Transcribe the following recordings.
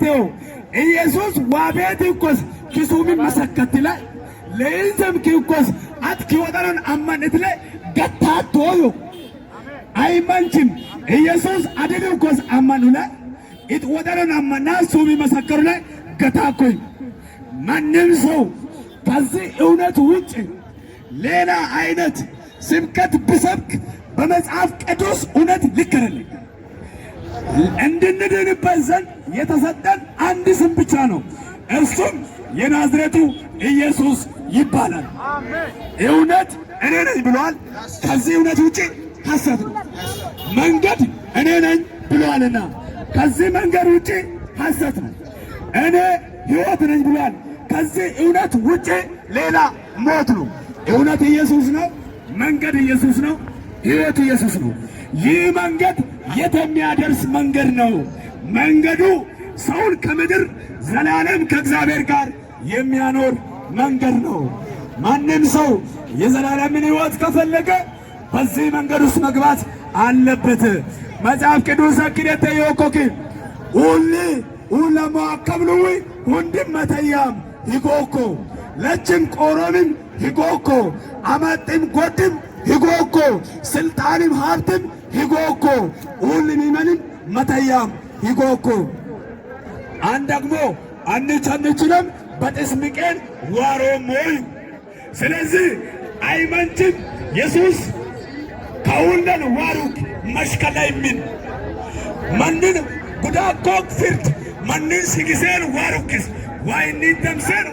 ቤቴው ኢየሱስ ዋቤቲኮስ ኪሱሚ መሰከትለ ለይንዘም ኪኮስ አትኪወጠረን አመን እትለ ገታቶዩ አይመንችም ኢየሱስ አድንኮስ አመኑለ ኢትወጠረን አመና ሱሚ መሰከሩለ ገታኮይ ማንም ሰው ከዚህ እውነት ውጭ ሌላ አይነት ስብከት ብሰብክ በመጽሐፍ ቅዱስ እውነት ልከረልኝ እንድንድንበት ዘንድ የተሰጠን አንድ ስም ብቻ ነው። እርሱም የናዝሬቱ ኢየሱስ ይባላል። እውነት እኔ ነኝ ብሏል። ከዚህ እውነት ውጪ ሐሰት ነው። መንገድ እኔ ነኝ ብሏልና ከዚህ መንገድ ውጪ ሐሰት ነው። እኔ ሕይወት ነኝ ብሏል። ከዚህ እውነት ውጪ ሌላ ሞት ነው። እውነት ኢየሱስ ነው። መንገድ ኢየሱስ ነው። ሕይወት ኢየሱስ ነው። ይህ መንገድ የት የሚያደርስ መንገድ ነው? መንገዱ ሰውን ከምድር ዘላለም ከእግዚአብሔር ጋር የሚያኖር መንገድ ነው። ማንም ሰው የዘላለምን ህይወት ከፈለገ በዚህ መንገድ ውስጥ መግባት አለበት። መጽሐፍ ቅዱስ አክደተ የወኮኪ ሁሊ ሁለማከብሉዊ ሁንድም መተያም ይጎኮ ለችም ቆሮንም ይጎኮ አመጥም ጎድም ሂጎኮ ስልጣንም ሀብትም ሂጎኮ ሁሉም ይመንም መተያም ሂጎኮ አን ደግሞ አንቸንችለም በጥስምቄን ዋሮሞዩ ስለዚህ አይመንችም የሱስ ከሁለን ዋሩክ መሽከላይሚን መንን ጉዳኮክ ፍርድ መንን ሲግሴን ዋሩክስ ዋይኒ ደምሴን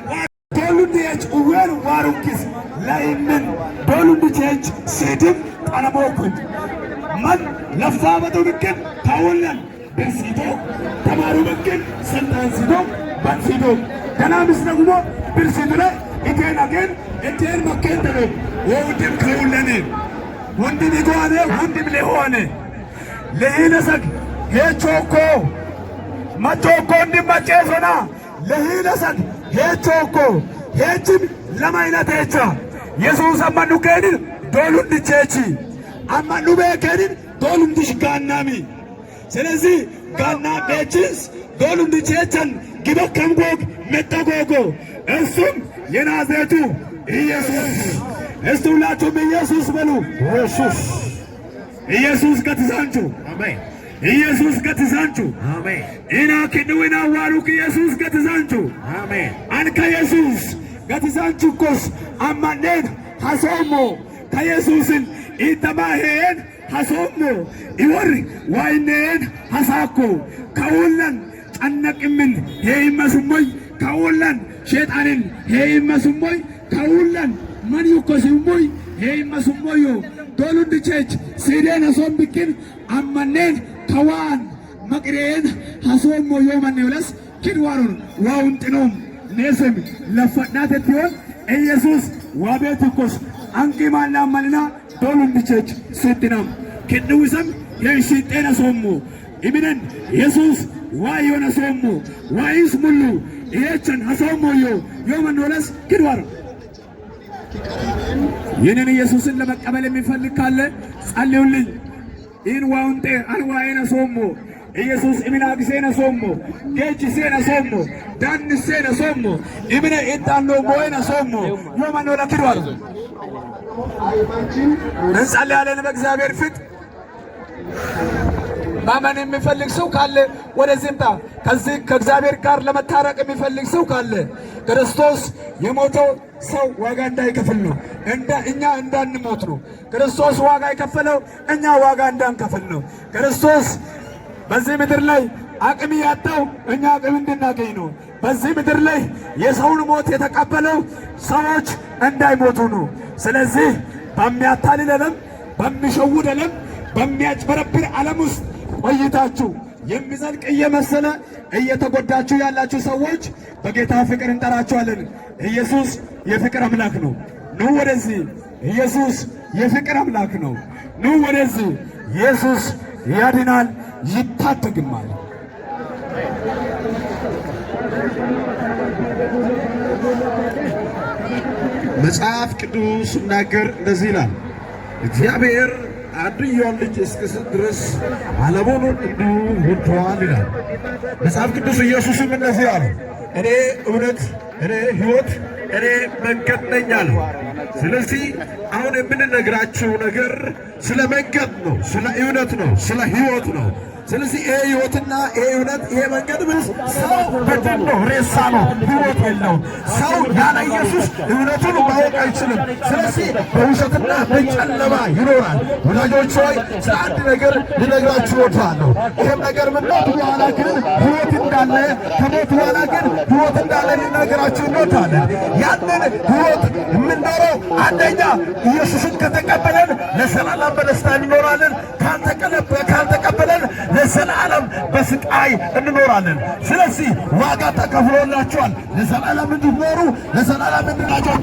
ኮሉንዲየች ዌን ዋሩክስ ለኢምን በሉንድቼች ስድብ ጠለቦኩት መን ለፍሳ በጡንቅን ታወለን ደንሲቶ ተማሩ በቅን ስልጣንሲቶ በንሲቶ ደናምስ ደግሞ ብርሲቱ ላይ ኢቴን አገን እቴን መኬን ተለ ወውድም ክውለኔ ወንድም ይጓኔ ወንድም ሊሆነ ለሂነሰግ ሄቾኮ መቾኮ እንዲመጨፈና ለሂነሰግ ሄቾኮ ሄችም ለማይነት ሄቻ የሱስ አማኑ ከንን ዶሉን ድቼቺ አማኑ በከንን ዶሉን ድሽ ጋናሚ ስለዚህ ጋና ቤችስ ዶሉን ድቼቸን ግበከም ጎግ መጣ ጎጎ እሱም የናዝሬቱ ኢየሱስ እስቲ ሁላችሁም ኢየሱስ በሉ። ኢየሱስ ኢየሱስ ገትዛንቹ አሜን። ኢየሱስ ገትዛንቹ አሜን። ኢና ክንዊና ዋሩክ ኢየሱስ ገትዛንቹ አሜን። አንከ ኢየሱስ gatisaan jikkos ammanneen hasoomoo ka Yesuusin iittamaaheen hasoomoo iwarri waayinneen hasaakko ka'uullan cannaqimmin heeyyimmasummoy ka'uullan sheexanin heeyyimmasummoy ka'uullan man yukkosummoy heeyyimmasummoyyoo dooluun dicheech siideen hasoon bikkin ammanneen kawaan maqireen hasoomoo yoo manneelas kidwaaron waawun xinoom ኔስም ለፈዳት ትሆን ኢየሱስ ዋቤትኮስ አንቂማላ መልና ዶሉንድቸች ሱድናም ክንውስም የንሽጤነ ሶሙ ኢሚነን ኢየሱስ ዋይ ዮነ ሶሙ ዋይስ ሙሉ ኢየቸን ሀሶሞዮ ዮመኖለስ ግድዋር ይህንን ኢየሱስን ለመቀበል የሚፈልግ ካለ ጸልዩልኝ። ኢን ዋውንጤ አንዋኤነ ሶሙ ኢየሱስ ኢሚናግሴነ ሶሞ ጌችሴነ ሶሞ ዳንሴነ ሶሞ ኢምነ ኢጣሎ ሞይነ ሶሞ ዮመኖ ለክዷል እንጸልያለን በእግዚአብሔር ፊት ማመን የሚፈልግ ሰው ካለ ወደዚህ ምጣ። ከዚህ ከእግዚአብሔር ጋር ለመታረቅ የሚፈልግ ሰው ካለ ክርስቶስ የሞተው ሰው ዋጋ እንዳይከፍል ነው፣ እኛ እንዳንሞት ነው። ክርስቶስ ዋጋ የከፈለው እኛ ዋጋ እንዳንከፍል ነው። ክርስቶስ በዚህ ምድር ላይ አቅም ያጣው እኛ አቅም እንድናገኝ ነው። በዚህ ምድር ላይ የሰውን ሞት የተቀበለው ሰዎች እንዳይሞቱ ነው። ስለዚህ በሚያታልል ዓለም፣ በሚሸውድ ዓለም፣ በሚያጭበረብር ዓለም ውስጥ ቆይታችሁ የሚዘልቅ እየመሰለ እየተጎዳችሁ ያላችሁ ሰዎች በጌታ ፍቅር እንጠራችኋለን። ኢየሱስ የፍቅር አምላክ ነው። ኑ ወደዚህ። ኢየሱስ የፍቅር አምላክ ነው። ኑ ወደዚህ። ኢየሱስ ያድናል። ይታደግማል። መጽሐፍ ቅዱስ ሲናገር እንደዚህ ይላል፣ እግዚአብሔር አንድያውን ልጅ እስኪሰጥ ድረስ ዓለሙን እንዲሁ ወዶታል ይላል መጽሐፍ ቅዱስ። ኢየሱስም እንደዚህ አለ፣ እኔ እውነት፣ እኔ ሕይወት እኔ መንገድ ነኝ አለ። ስለዚህ አሁን የምንነግራችሁ ነገር ስለ መንገድ ነው፣ ስለ እውነት ነው፣ ስለ ህይወት ነው። ስለዚህ ይሄ ህይወትና ይሄ እውነት ይሄ መንገድ ብስ ሰው በደል ነው፣ ሬሳ ነው፣ ህይወት የለውም። ሰው ያለ ኢየሱስ እውነቱን ማወቅ አይችልም። ስለዚህ በውሸትና በጨለማ ይኖራል። ወዳጆች ሆይ ስለ አንድ ነገር ልነግራችሁ እወዳለሁ። ይህም ነገር ምናት በኋላ ግን ህይወት እንዳለ ከሞት በኋላ ግን ህይወት እንዳለ ልነግራችሁ እንወዳለን። ያንን ህይወት የምንኖረው አንደኛ ኢየሱስን ከተቀበለን ለሰላም በደስታ እንኖራለን ካልተቀለበ ለዘላለም በስቃይ እንኖራለን። ስለዚህ ዋጋ ተከፍሎላችኋል። ለዘላለም እንዲኖሩ፣ ለዘላለም እንድናቸው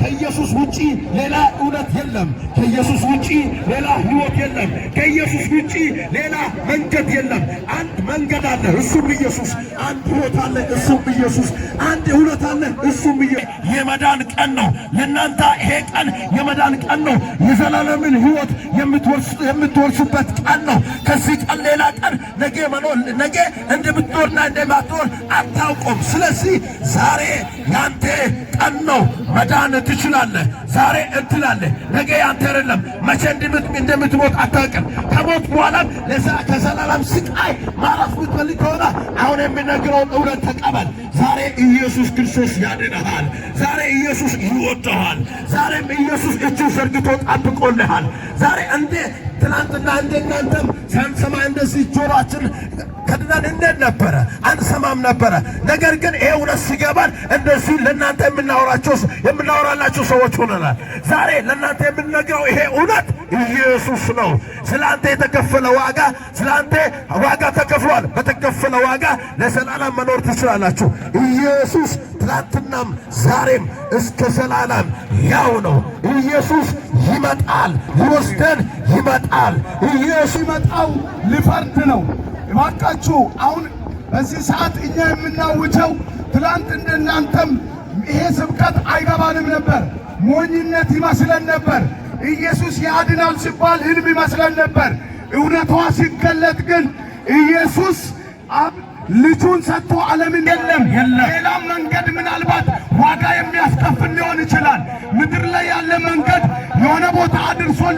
ከኢየሱስ ውጪ ሌላ እውነት የለም። ከኢየሱስ ውጪ ሌላ ህይወት የለም። ከኢየሱስ ውጪ ሌላ መንገድ የለም። አንድ መንገድ አለ፣ እሱም ኢየሱስ። አንድ ህይወት አለ፣ እሱም ኢየሱስ። አንድ እውነት አለ፣ እሱም ኢየሱስ። የመዳን ቀን ነው። ለእናንተ ይሄ ቀን የመዳን ቀን ነው። የዘላለምን ህይወት የምትወርስበት ቀን ነው። ከዚህ ቀን ሌላ ቀን ነገ መኖር ነገ እንደምትኖርና እንደማትኖር አታውቁም። ስለዚህ ዛሬ ያንተ ቀን ነው። መዳን ትችላለህ። ዛሬ እድል አለ። ነገ ያንተ አይደለም። መቼ እንደምትሞት አታውቅም። ከሞት በኋላ ከሰላላም ስቃይ ማረፍ የምትፈልግ ከሆነ አሁን የሚነግረውን እውነት ተቀበል። ዛሬ ኢየሱስ ክርስቶስ ያድንሃል። ዛሬ ኢየሱስ ይወድሃል። ዛሬም ኢየሱስ እጁ ዘርግቶ ጠብቆልሃል። ዛሬ እንደ ትናንትና እንደ እናንተም ሳንሰማ እንደዚህ ጆሮአችን ከድናን እንዴት ነበረ? አንሰማም ነበረ። ነገር ግን ይሄ እውነት ሲገባል እንደዚህ ለእናንተ የምናወራቸው የምናወራላቸው ሰዎች ሆነናል። ዛሬ ለእናንተ የምንነግረው ይሄ እውነት ኢየሱስ ነው። ስለ አንተ የተከፈለ ዋጋ ስለ አንተ ዋጋ ተከፍሏል። በተከፈለ ዋጋ ለዘላለም መኖር ትችላላችሁ። ኢየሱስ ትናንትናም ዛሬም እስከ ዘላለም ያው ነው ኢየሱስ ይመጣል፣ ሊወስደን ይመጣል። ይሄ ሲመጣው ሊፈርድ ነው። እባካችሁ አሁን በዚህ ሰዓት እኛ የምናውጀው ትላንት እንደናንተም ይሄ ስብከት አይገባንም ነበር። ሞኝነት ይመስለን ነበር። ኢየሱስ ያድናል ሲባል ሕልም ይመስለን ነበር። እውነቷ ሲገለጥ ግን ኢየሱስ ልጁን ሰጥቶ ዓለምን የለም ሌላ መንገድ ምናልባት ዋጋ የሚያስከፍል ሊሆን ይችላል። ምድር ላይ ያለ መንገድ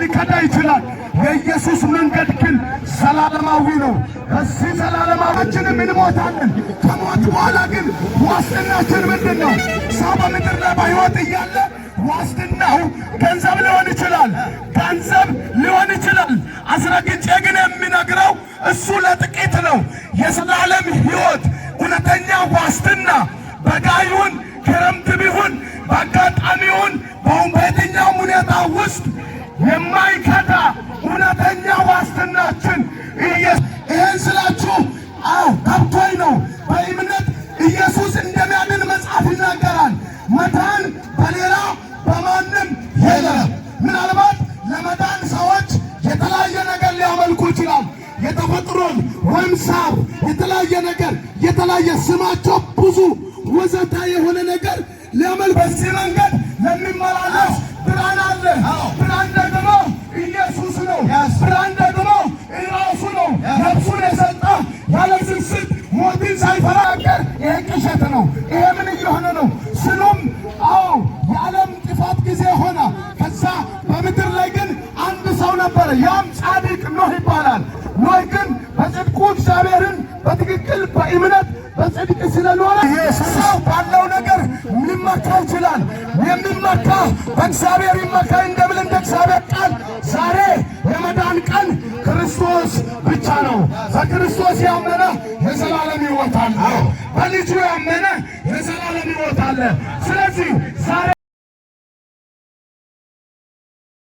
ሊከዳ ይችላል። የኢየሱስ መንገድ ግን ዘላለማዊ ነው። እዚህ ዘላለማችንም እንሞታለን። ከሞት በኋላ ግን ዋስትናችን ምንድን ነው? ሰው በምድር ላይ በሕይወት እያለ ዋስትናው ገንዘብ ሊሆን ይችላል፣ ገንዘብ ሊሆን ይችላል። አስረግጬ ግን የሚነግረው እሱ ለጥቂት ነው። የዘላለም ሕይወት እውነተኛ ዋስትና በጋ ይሁን ክረምት ቢሆን በአጋጣሚውን በየትኛውም ሁኔታ ውስጥ የማይከዳ እውነተኛ ዋስትናችን ይህን ስላችሁ፣ አዎ ከብቶኝ ነው። በእምነት ኢየሱስ እንደሚያድን መጽሐፍ ይናገራል። መዳን በሌላ በማንም የለም። ምናልባት ለመዳን ሰዎች የተለያየ ነገር ሊያመልኩ ይችላል። የተፈጥሮን ወይም የተለያየ ነገር የተለያየ ስማቸው ብዙ ወዘታ የሆነ ነገር ሊያመልኩ በዚህ መንገድ ለሚመላለስ ብርሃን አለ። ብርሃን ደግሞ ኢየሱስ ነው። ብርሃን ደግሞ ራሱ ነው። ነፍሱን የሰጠ ያለ ስስት ሞትን ሳይፈራገር ይሄ ቅሸት ነው። ይሄ ምን እየሆነ ነው? ስሉም አዎ የዓለም ጥፋት ጊዜ ሆነ። ከዛ በምድር ላይ ግን አንድ ሰው ነበረ፣ ያም ጻድቅ ኖህ ይባላል። ኖህ ግን በጽድቁ እግዚአብሔርን በትክክል በእምነት በጽድቅ ስለኖረ ሊመካው ይችላል። የሚመካ በእግዚአብሔር ይመካ እንደምን እንደ እግዚአብሔር ቃል ዛሬ የመዳን ቀን ክርስቶስ ብቻ ነው። በክርስቶስ ያመነ የዘላለም ሕይወት አለ። በልጁ ያመነ የዘላለም ሕይወት አለ። ስለዚህ ዛሬ